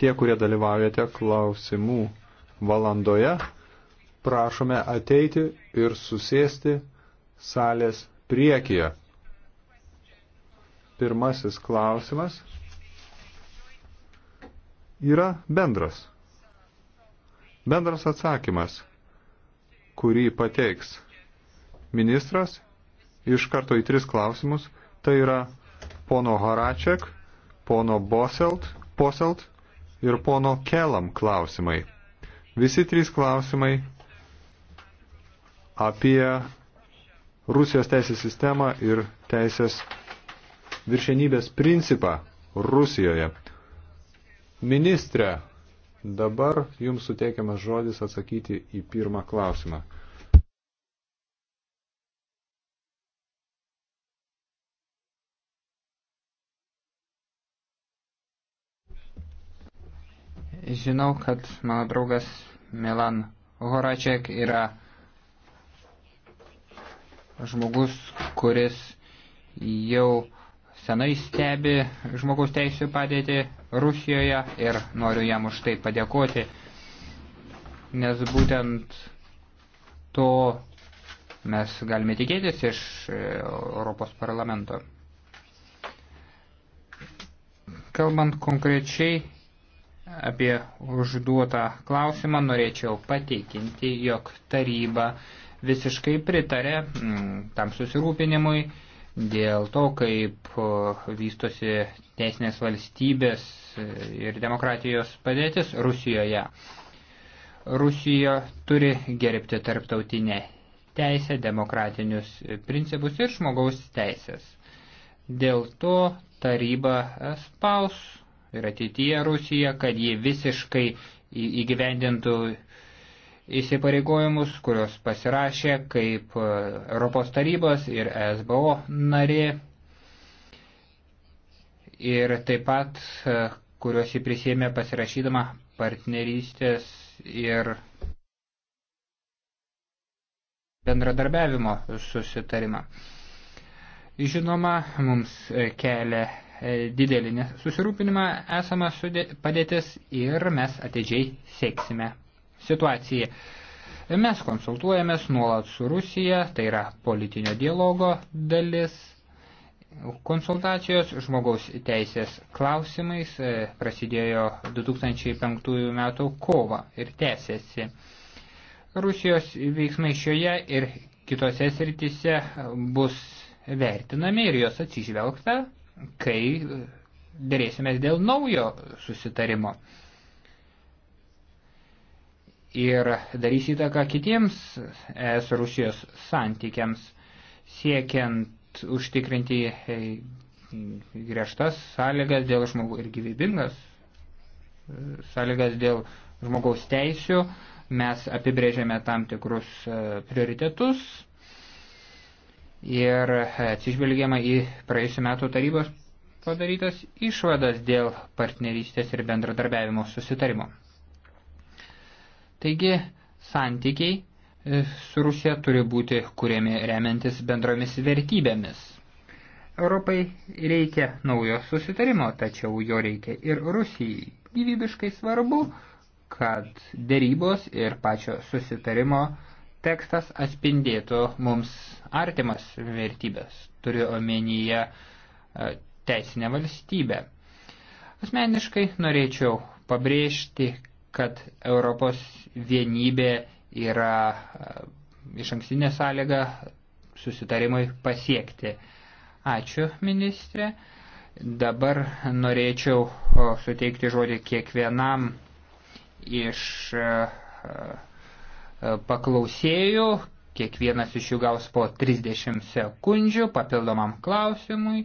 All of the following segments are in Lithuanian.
tie, kurie dalyvaujate klausimų valandoje, prašome ateiti ir susėsti salės priekyje. Pirmasis klausimas yra bendras. Bendras atsakymas, kurį pateiks ministras iš karto į tris klausimus, tai yra pono Haraček, pono Boselt, Poselt ir pono Kelam klausimai. Visi trys klausimai apie Rusijos teisės sistemą ir teisės viršenybės principą Rusijoje. Ministre, dabar jums suteikiamas žodis atsakyti į pirmą klausimą. Žinau, kad mano draugas Milan Horaček yra žmogus, kuris jau senai stebi žmogaus teisų padėtį Rusijoje ir noriu jam už tai padėkoti, nes būtent to mes galime tikėtis iš e, Europos parlamento. Kalbant konkrečiai apie užduotą klausimą norėčiau pateikinti, jog taryba visiškai pritarė mm, tam susirūpinimui dėl to, kaip e, vystosi teisinės valstybės ir demokratijos padėtis Rusijoje. Rusija turi gerbti tarptautinę teisę, demokratinius principus ir žmogaus teisės. Dėl to taryba spaus ir ateityje Rusija, kad ji visiškai įgyvendintų įsipareigojimus, kurios pasirašė kaip e, Europos tarybos ir SBO narė ir taip pat e, kuriuos jį prisėmė pasirašydama partnerystės ir bendradarbiavimo susitarimą. Žinoma, mums kelia E, didelį susirūpinimą esama padėtis ir mes ateidžiai seksime situaciją. Mes konsultuojamės nuolat su Rusija, tai yra politinio dialogo dalis. Konsultacijos žmogaus teisės klausimais e, prasidėjo 2005 m. kovą ir tęsiasi. Rusijos veiksmai šioje ir kitose sritise bus vertinami ir jos atsižvelgta kai dėrėsimės dėl naujo susitarimo. Ir darys įtaką kitiems ES Rusijos santykiams, siekiant užtikrinti e, griežtas sąlygas dėl žmogų ir gyvybingas e, sąlygas dėl žmogaus teisių. Mes apibrėžėme tam tikrus e, prioritetus, ir atsižvelgiama į praėjusiu metu tarybos padarytas išvadas dėl partnerystės ir bendradarbiavimo susitarimo. Taigi, santykiai e, su Rusija turi būti kuriami remiantis bendromis vertybėmis. Europai reikia naujo susitarimo, tačiau jo reikia ir Rusijai. Gyvybiškai svarbu, kad dėrybos ir pačio susitarimo tekstas atspindėtų mums artimas vertybės, turiu omenyje e, teisinę valstybę. Asmeniškai norėčiau pabrėžti, kad Europos vienybė yra e, iš ankstinė sąlyga susitarimui pasiekti. Ačiū, ministrė. Dabar norėčiau e, suteikti žodį kiekvienam iš uh, E, paklausėjų, kiekvienas iš jų gaus po 30 sekundžių papildomam klausimui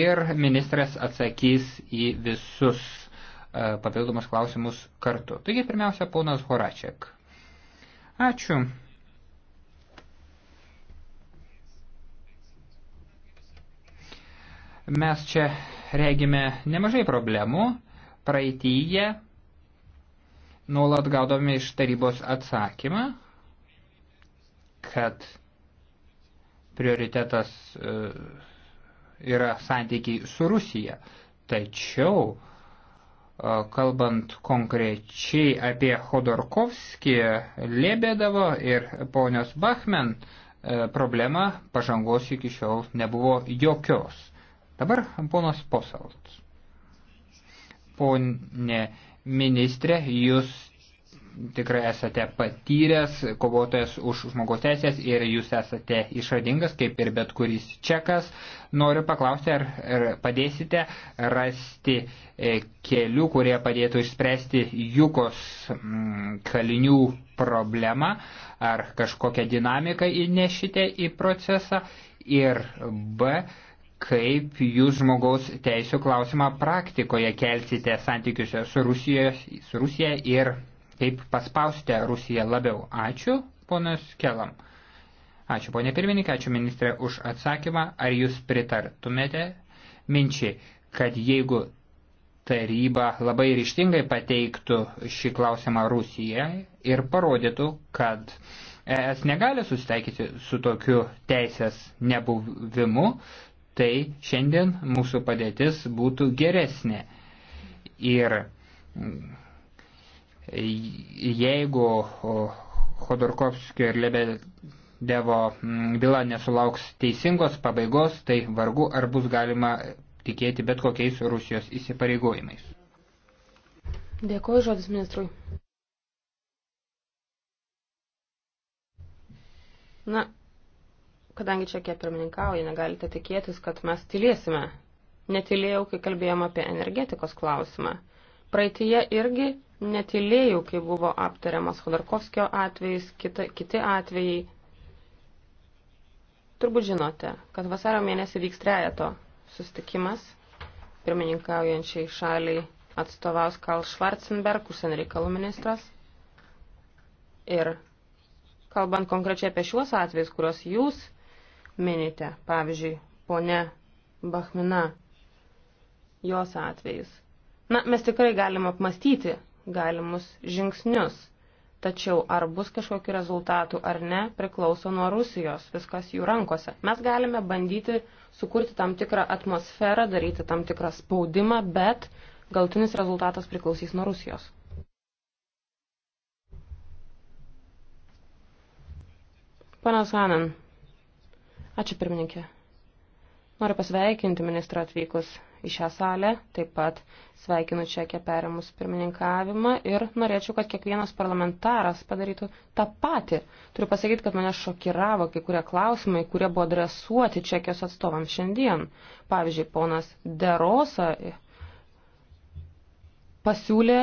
ir ministras atsakys į visus e, papildomus klausimus kartu. Taigi pirmiausia, ponas Horačiak. Ačiū. Mes čia regime nemažai problemų. Praeitįje nuolat gaudome iš tarybos atsakymą, kad prioritetas e, yra santykiai su Rusija. Tačiau, e, kalbant konkrečiai apie Khodorkovskį, Lebedovo ir ponios Bachmen problemą, pažangos iki šiol nebuvo jokios. Dabar ponas Posaltas. Pone Ministrė, jūs tikrai esate patyręs kovotojas už žmogaus teisės ir jūs esate išradingas, kaip ir bet kuris čekas. Noriu paklausti, ar, ar padėsite rasti e, kelių, kurie padėtų išspręsti jukos m, mm, kalinių problemą, ar kažkokią dinamiką įnešite į procesą. Ir B, kaip jūs žmogaus teisų klausimą praktikoje kelsite santykiuose su, Rusijos, su Rusija ir kaip paspausite Rusiją labiau. Ačiū, ponas Kelam. Ačiū, ponė pirmininkė, ačiū ministrė už atsakymą. Ar jūs pritartumėte minčiai, kad jeigu taryba labai ryštingai pateiktų šį klausimą Rusijai ir parodytų, kad ES negali susitaikyti su tokiu teisės nebuvimu, tai šiandien mūsų padėtis būtų geresnė. Ir jeigu Khodorkovskio ir Lebedevo byla nesulauks teisingos pabaigos, tai vargu ar bus galima tikėti bet kokiais Rusijos įsipareigojimais. Dėkuoju žodis ministrui. Na, kadangi čia kiek pirmininkauja, negalite tikėtis, kad mes tylėsime. Netilėjau, kai kalbėjom apie energetikos klausimą. Praeitie irgi netilėjau, kai buvo aptariamas Khodorkovskio atvejais, kita, kiti atvejai. Turbūt žinote, kad vasario mėnesį vyks trejato sustikimas, pirmininkaujančiai šaliai atstovaus Karl Schwarzenberg, užsienio reikalų ministras. Ir kalbant konkrečiai apie šiuos atvejus, kuriuos jūs minite, pavyzdžiui, pone Bachmina, jos atvejais. Na, mes tikrai galim apmastyti galimus žingsnius, tačiau ar bus kažkokiu rezultatu ar ne, priklauso nuo Rusijos, viskas jų rankose. Mes galime bandyti sukurti tam tikrą atmosferą, daryti tam tikrą spaudimą, bet galtinis rezultatas priklausys nuo Rusijos. Panas Hanan. Ačiū pirmininkė. Noriu pasveikinti ministrą atvykus į šią salę, taip pat sveikinu Čekiją perėmus pirmininkavimą ir norėčiau, kad kiekvienas parlamentaras padarytų tą patį. Turiu pasakyti, kad mane šokiravo kai kurie klausimai, kurie buvo adresuoti Čekijos atstovams šiandien. Pavyzdžiui, ponas Derosa pasiūlė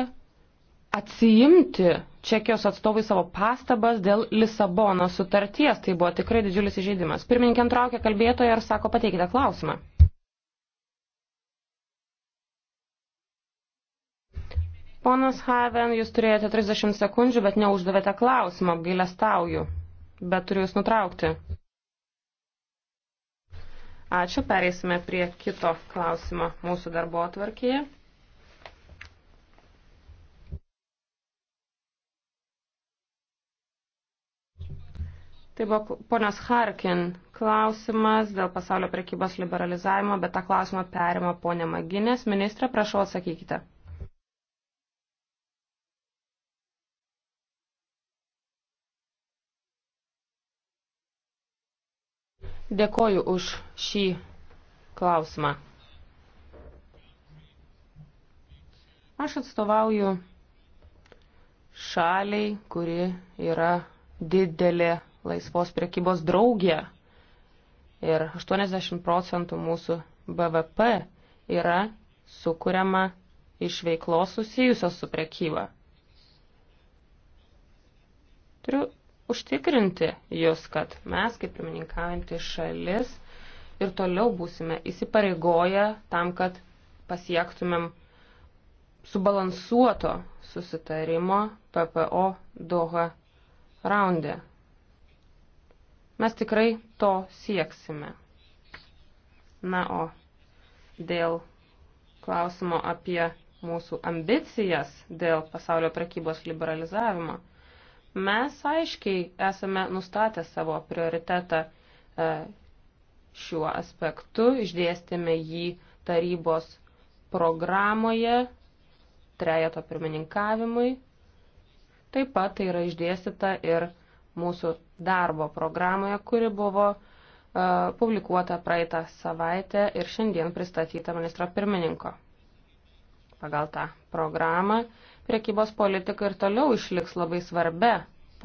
atsiimti Čekijos atstovai savo pastabas dėl Lisabono sutarties. Tai buvo tikrai didžiulis įžeidimas. Pirmininkė antraukė kalbėtoją ir sako, pateikite klausimą. Ponas Haven, jūs turėjote 30 sekundžių, bet neuždavėte klausimą, apgailestauju, bet turiu jūs nutraukti. Ačiū, pereisime prie kito klausimo mūsų darbo atvarkėje. Tai buvo ponios Harkin klausimas dėl pasaulio prekybos liberalizavimo, bet tą klausimą perima ponė Maginės. Ministrė, prašau atsakykite. Dėkoju už šį klausimą. Aš atstovauju šaliai, kuri yra didelė laisvos priekybos draugė. Ir 80 procentų mūsų BVP yra sukuriama iš veiklos susijusios su priekyba. Turiu užtikrinti jūs, kad mes, kaip pirmininkaujantį šalis, ir toliau būsime įsipareigoję tam, kad pasiektumėm subalansuoto susitarimo PPO Doha raundė. Mes tikrai to sieksime. Na o dėl klausimo apie mūsų ambicijas dėl pasaulio prekybos liberalizavimo, mes aiškiai esame nustatę savo prioritetą e, šiuo aspektu, išdėstėme jį tarybos programoje, trejato pirmininkavimui. Taip pat tai yra išdėstyta ir mūsų darbo programoje, kuri buvo e, publikuota praeitą savaitę ir šiandien pristatyta ministro pirmininko. Pagal tą programą priekybos politika ir toliau išliks labai svarbia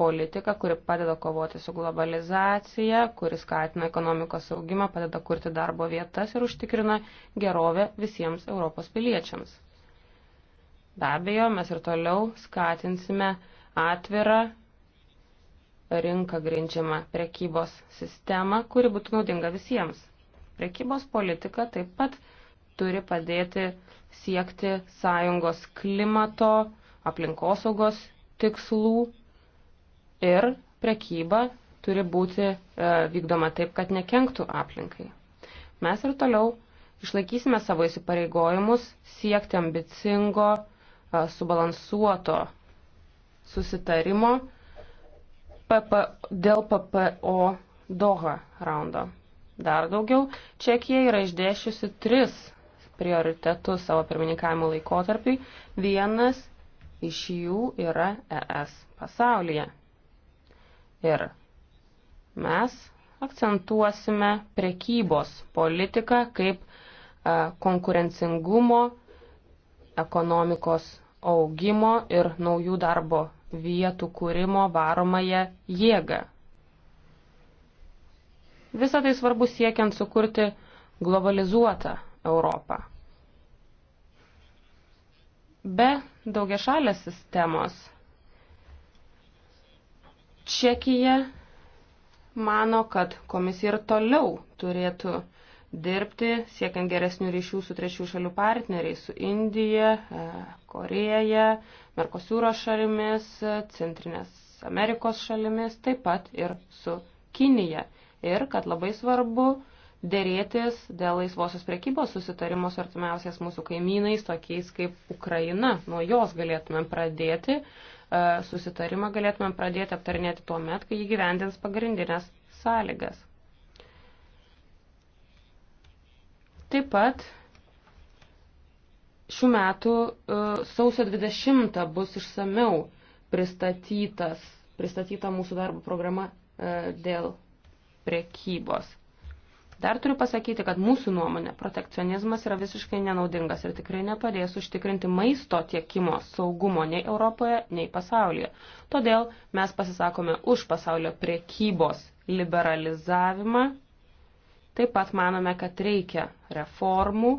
politika, kuri padeda kovoti su globalizacija, kuri skatina ekonomikos augimą, padeda kurti darbo vietas ir užtikrina gerovę visiems Europos piliečiams. Be abejo, mes ir toliau skatinsime atvirą rinką grindžiamą prekybos sistemą, kuri būtų naudinga visiems. Prekybos politika taip pat turi padėti siekti sąjungos klimato, aplinkosaugos tikslų ir prekyba turi būti e, vykdoma taip, kad nekenktų aplinkai. Mes ir toliau išlaikysime savo įsipareigojimus siekti ambicingo, e, subalansuoto susitarimo, PP, dėl PPO Doha raundo. Dar daugiau, Čekija yra išdėšiusi tris prioritetus savo pirmininkavimo laikotarpiui. Vienas iš jų yra ES pasaulyje. Ir mes akcentuosime prekybos politiką kaip e, konkurencingumo ekonomikos augimo ir naujų darbo vietų kūrimo varomąją jėgą. Visą tai svarbu siekiant sukurti globalizuotą Europą. Be daugiašalės sistemos Čekija mano, kad komisija ir toliau turėtų dirbti, siekiant geresnių ryšių su trečių šalių partneriais, su Indija, e, Koreja, Merkosiūro šalimis, Centrinės Amerikos šalimis, taip pat ir su Kinija. Ir kad labai svarbu dėrėtis dėl laisvosios prekybos susitarimo su artimiausiais mūsų kaimynais, tokiais kaip Ukraina. Nuo jos galėtumėm pradėti, e, susitarimą galėtumėm pradėti aptarinėti tuo met, kai įgyvendins pagrindinės sąlygas. Taip pat šių metų e, sausio 20 bus išsameu pristatytas, pristatyta mūsų darbo programa e, dėl prekybos. Dar turiu pasakyti, kad mūsų nuomonė protekcionizmas yra visiškai nenaudingas ir tikrai nepadės užtikrinti maisto tiekimo saugumo nei Europoje, nei pasaulyje. Todėl mes pasisakome už pasaulio prekybos liberalizavimą Taip pat manome, kad reikia reformų,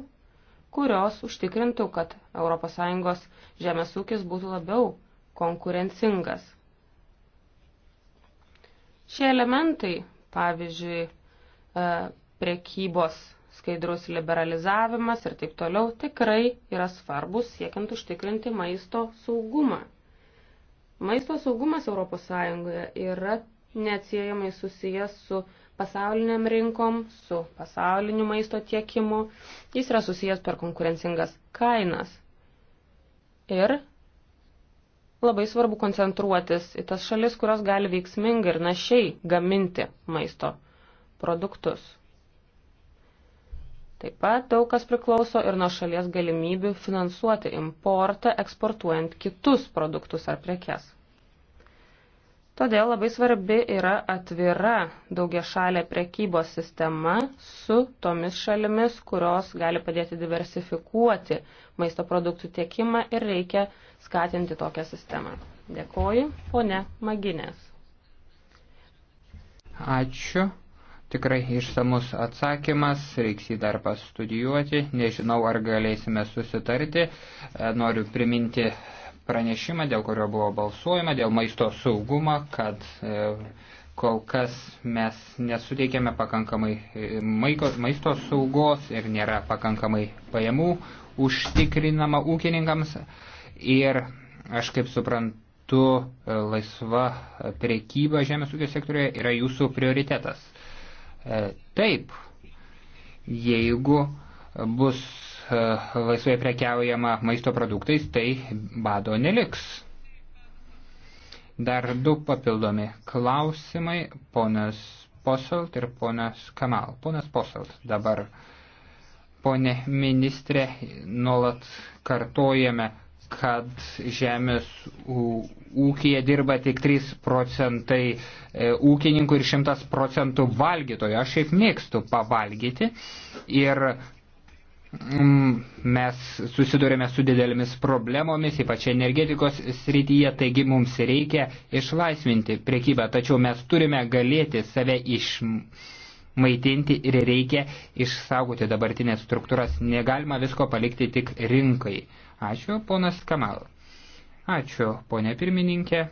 kurios užtikrintų, kad ES žemės ūkis būtų labiau konkurencingas. Šie elementai, pavyzdžiui, e, prekybos skaidrus liberalizavimas ir taip toliau, tikrai yra svarbus siekiant užtikrinti maisto saugumą. Maisto saugumas ES yra neatsiejamai susijęs su pasauliniam rinkom, su pasauliniu maisto tiekimu. Jis yra susijęs per konkurencingas kainas. Ir labai svarbu koncentruotis į tas šalis, kurios gali veiksmingai ir našiai gaminti maisto produktus. Taip pat daug kas priklauso ir nuo šalies galimybių finansuoti importą, eksportuojant kitus produktus ar prekes. Todėl labai svarbi yra atvira daugiašalė prekybos sistema su tomis šalimis, kurios gali padėti diversifikuoti maisto produktų tiekimą ir reikia skatinti tokią sistemą. Dėkoju, ponė Maginės. Ačiū. Tikrai išsamus atsakymas, reiks jį dar pastudijuoti, nežinau ar galėsime susitarti. Noriu priminti pranešimą, dėl kurio buvo balsuojama, dėl maisto saugumą, kad e, kol kas mes nesuteikėme pakankamai e, maisto saugos ir nėra pakankamai pajamų užtikrinama ūkininkams. Ir aš kaip suprantu, e, laisva prekyba žemės ūkio sektorioje yra jūsų prioritetas. Taip, jeigu bus E, laisvai prekiaujama maisto produktais, tai bado neliks. Dar du papildomi klausimai, ponas Poselt ir ponas Kamal. Ponas Poselt dabar, ponė ministrė, nuolat kartojame, kad žemės ūkija dirba tik 3 procentai e, ūkininkų ir 100 procentų valgytojų. Aš šiaip mėgstu pavalgyti ir Mm, mes susidurėme su didelėmis problemomis, ypač energetikos srityje, taigi mums reikia išlaisvinti priekybą, tačiau mes turime galėti save išmaitinti ir reikia išsaugoti dabartinės struktūras, negalima visko palikti tik rinkai. Ačiū, ponas Kamal. Ačiū, ponė pirmininkė.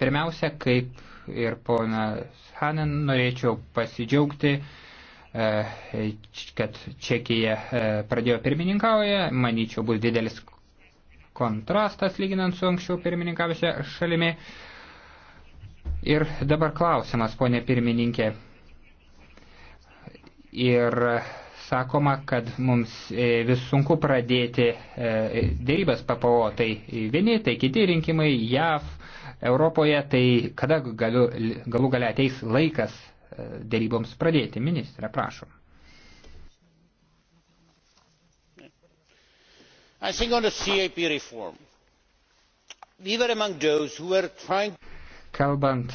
Pirmiausia, kaip ir ponas Hanen, norėčiau pasidžiaugti, Eh, kad Čekija eh, pradėjo pirmininkauja, manyčiau, bus didelis kontrastas lyginant su anksčiau pirmininkavusia šalimi. Ir dabar klausimas, ponė pirmininkė. Ir eh, sakoma, kad mums vis sunku pradėti dėrybas PPO, tai vieni, tai kiti rinkimai JAV, Europoje, tai kada galiu, galų gale ateis laikas dėryboms pradėti. Ministrė, prašom. I think on the CAP reform, we were among those who were trying... Kalbant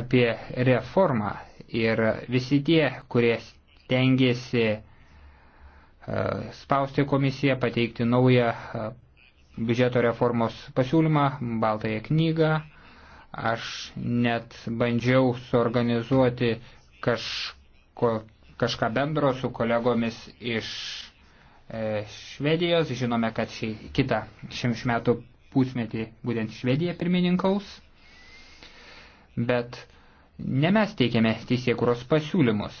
apie reformą ir visi tie, kurie stengiasi e, spausti komisiją, pateikti naują e, biudžeto reformos pasiūlymą, baltąją knygą, Aš net bandžiau suorganizuoti kažko, kažką bendro su kolegomis iš e, Švedijos. Žinome, kad šį, kitą šimš metų pusmetį būtent Švedija pirmininkaus. Bet ne mes teikiame teisėkuros pasiūlymus.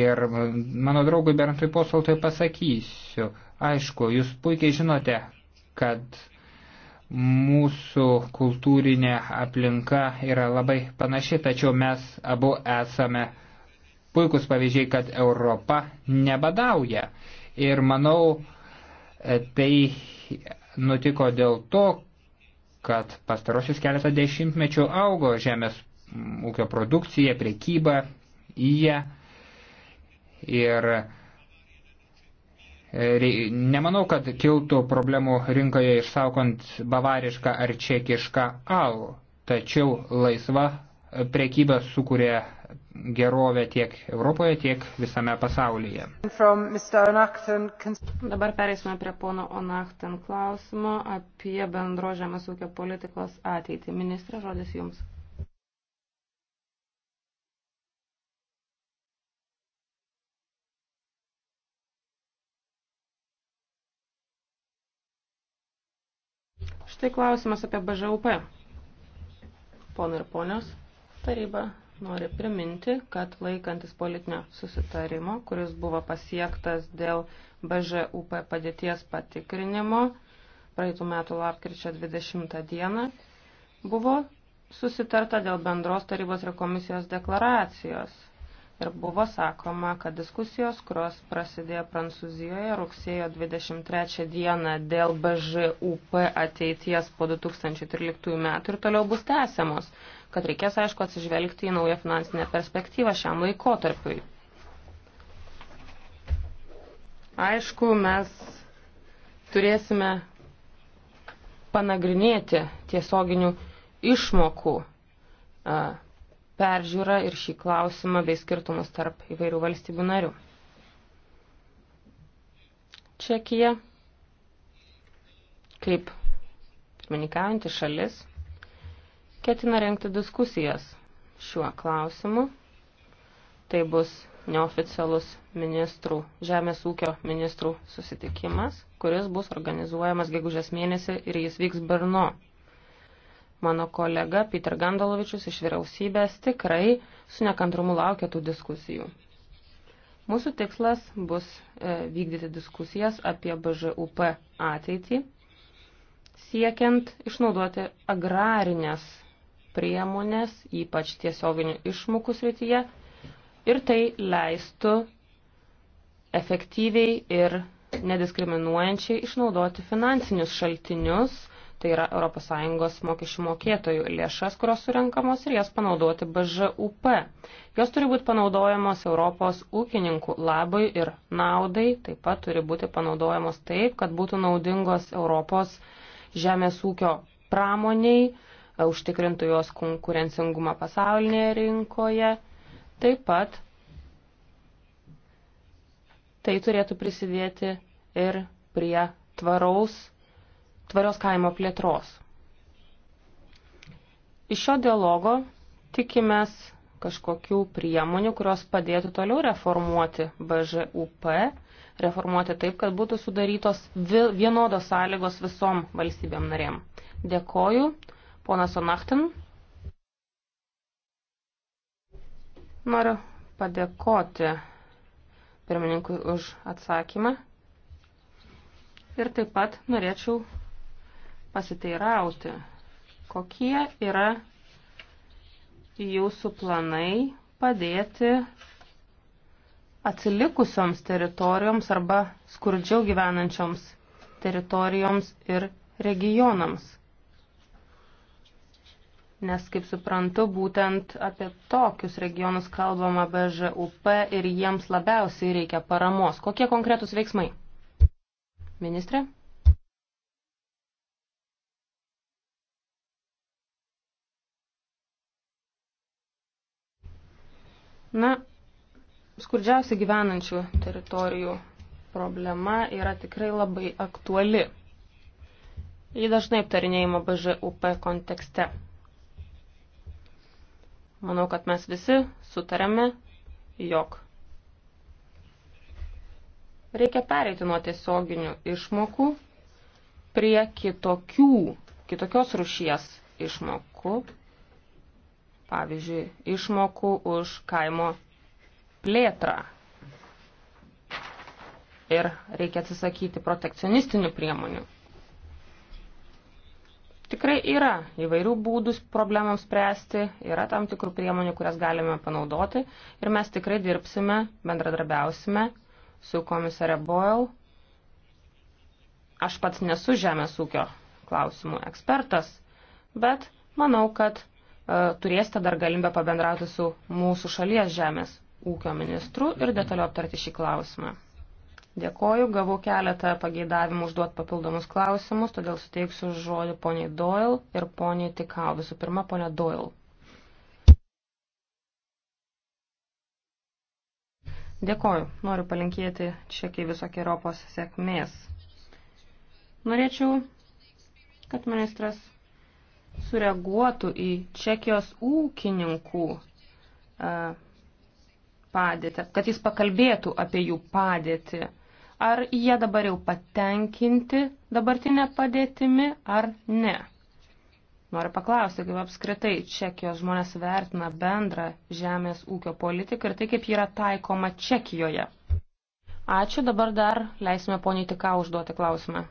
Ir mano draugui Berntui Posaltui pasakysiu, aišku, jūs puikiai žinote, kad mūsų kultūrinė aplinka yra labai panaši, tačiau mes abu esame puikus pavyzdžiai, kad Europa nebadauja. Ir manau, e, tai nutiko dėl to, kad pastarosius keletą dešimtmečių augo žemės ūkio produkcija, prekyba į ją. Ir E, nemanau, kad kiltų problemų rinkoje išsaukant bavarišką ar čekišką alų, tačiau laisva prekyba sukuria gerovę tiek Europoje, tiek visame pasaulyje. Dabar pereisime prie pono Onachten klausimo apie bendro žemės ūkio politikos ateitį. Ministrė, žodis jums. Štai klausimas apie BŽUP. Pona ir ponios, taryba nori priminti, kad laikantis politinio susitarimo, kuris buvo pasiektas dėl BŽUP padėties patikrinimo praeitų metų lapkričio 20 dieną, buvo susitarta dėl bendros tarybos ir komisijos deklaracijos ir buvo sakoma, kad diskusijos, kurios prasidėjo Prancūzijoje rugsėjo 23 dieną dėl BŽUP ateities po 2013 metų ir toliau bus tęsiamos, kad reikės aišku atsižvelgti į naują finansinę perspektyvą šiam laikotarpiui. Aišku, mes turėsime panagrinėti tiesioginių išmokų uh, peržiūrą ir šį klausimą bei skirtumus tarp įvairių valstybių narių. Čekija, kaip pirmininkaujanti šalis, ketina renkti diskusijas šiuo klausimu. Tai bus neoficialus ministrų, žemės ūkio ministrų susitikimas, kuris bus organizuojamas gegužės mėnesį ir jis vyks Brno Mano kolega Peter Gandalovičius iš vyriausybės tikrai su nekantrumu laukia tų diskusijų. Mūsų tikslas bus e, vykdyti diskusijas apie BŽUP ateitį, siekiant išnaudoti agrarinės priemonės, ypač tiesioginių išmokų srityje, ir tai leistų efektyviai ir nediskriminuojančiai išnaudoti finansinius šaltinius, tai yra ES mokesčių mokėtojų lėšas, kurios surenkamos ir jas panaudoti BŽUP. Jos turi būti panaudojamos Europos ūkininkų labai ir naudai, taip pat turi būti panaudojamos taip, kad būtų naudingos Europos žemės ūkio pramoniai, užtikrintų jos konkurencingumą pasaulinėje rinkoje. Taip pat tai turėtų prisidėti ir prie tvaraus tvarios kaimo plėtros. Iš šio dialogo tikimės kažkokių priemonių, kurios padėtų toliau reformuoti BŽUP, reformuoti taip, kad būtų sudarytos vienodos sąlygos visom valstybėm narėm. Dėkoju, ponas Onachtin. Noriu padėkoti pirmininkui už atsakymą. Ir taip pat norėčiau pasiteirauti, kokie yra jūsų planai padėti atsilikusioms teritorijoms arba skurdžiau gyvenančioms teritorijoms ir regionams. Nes, kaip suprantu, būtent apie tokius regionus kalbama BŽUP ir jiems labiausiai reikia paramos. Kokie konkretūs veiksmai? Ministrė? Na, skurdžiausiai gyvenančių teritorijų problema yra tikrai labai aktuali. Ji dažnai aptarinėjama BŽUP kontekste. Manau, kad mes visi sutarėme, jog reikia pereiti nuo tiesioginių išmokų prie kitokių, kitokios rušies išmokų, pavyzdžiui, išmokų už kaimo plėtrą. Ir reikia atsisakyti protekcionistinių priemonių. Tikrai yra įvairių būdų problemams spręsti, yra tam tikrų priemonių, kurias galime panaudoti ir mes tikrai dirbsime, bendradarbiausime su komisare Boyle. Aš pats nesu žemės ūkio klausimų ekspertas, bet manau, kad E, turėsite dar galimybę pabendrauti su mūsų šalies žemės ūkio ministru ir detaliau aptarti šį klausimą. Dėkoju, gavau keletą pageidavimų užduoti papildomus klausimus, todėl suteiksiu žodį poniai Doyle ir poniai Tikau. Visų pirma, ponia Doyle. Dėkoju, noriu palinkėti čekiai visokieropos sėkmės. Norėčiau, kad ministras sureaguotų į Čekijos ūkininkų e, padėtį, kad jis pakalbėtų apie jų padėtį. Ar jie dabar jau patenkinti dabartinę padėtimi ar ne? Noriu paklausti, kaip apskritai Čekijos žmonės vertina bendrą žemės ūkio politiką ir tai, kaip ji yra taikoma Čekijoje. Ačiū, dabar dar leisime poniai tik ką užduoti klausimą.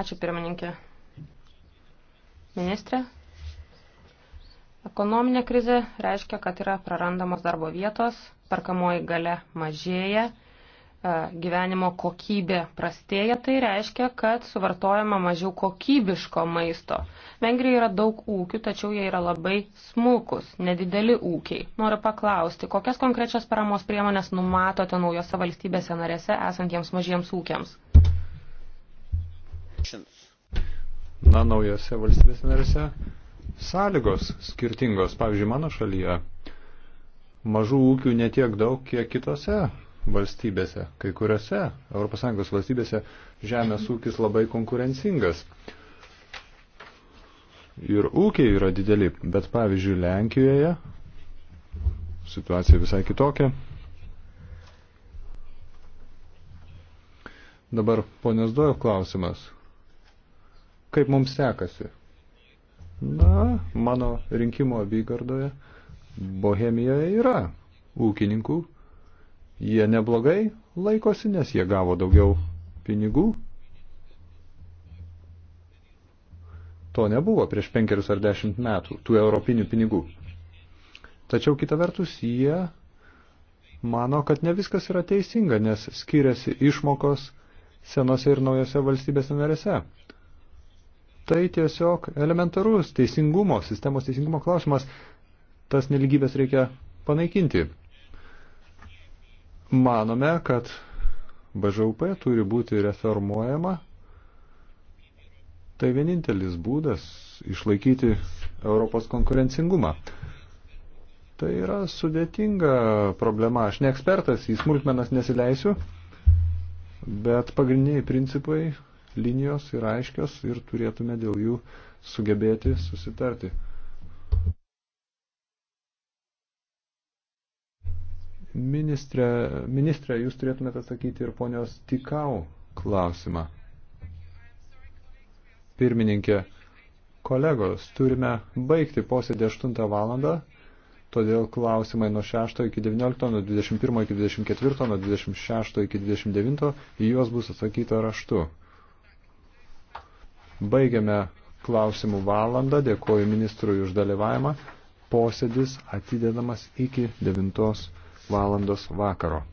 Ačiū pirmininkė. Ministrė, ekonominė krizė reiškia, kad yra prarandamos darbo vietos, perkamoji gale mažėja, e, gyvenimo kokybė prastėja, tai reiškia, kad suvartojama mažiau kokybiško maisto. Vengrijoje yra daug ūkių, tačiau jie yra labai smulkus, nedideli ūkiai. Noriu paklausti, kokias konkrečias paramos priemonės numatote naujose valstybėse narėse esantiems mažiems ūkiams? Šins na, naujose valstybės narėse sąlygos skirtingos. Pavyzdžiui, mano šalyje mažų ūkių netiek daug, kiek kitose valstybėse. Kai kuriuose ES valstybėse žemės ūkis labai konkurencingas. Ir ūkiai yra dideli, bet pavyzdžiui, Lenkijoje situacija visai kitokia. Dabar ponios Dojo klausimas. Kaip mums sekasi? Na, mano rinkimo apygardoje Bohemijoje yra ūkininkų. Jie neblogai laikosi, nes jie gavo daugiau pinigų. To nebuvo prieš penkerius ar dešimt metų, tų europinių pinigų. Tačiau kita vertus jie mano, kad ne viskas yra teisinga, nes skiriasi išmokos senose ir naujose valstybėse narėse tai tiesiog elementarus teisingumo, sistemos teisingumo klausimas. Tas neligybės reikia panaikinti. Manome, kad BŽUP turi būti reformuojama. Tai vienintelis būdas išlaikyti Europos konkurencingumą. Tai yra sudėtinga problema. Aš ne ekspertas, į smulkmenas nesileisiu, bet pagrindiniai principai linijos yra aiškios ir turėtume dėl jų sugebėti susitarti. Ministrė, ministrė, jūs turėtumėte atsakyti ir ponios Tikau klausimą. Pirmininkė, kolegos, turime baigti posėdį 8 valandą, todėl klausimai nuo 6 iki 19, nuo 21 iki 24, nuo 26 iki 29, į juos bus atsakyta raštu. Baigiame klausimų valandą. Dėkoju ministrui už dalyvavimą. Posėdis atidedamas iki 9 valandos vakaro.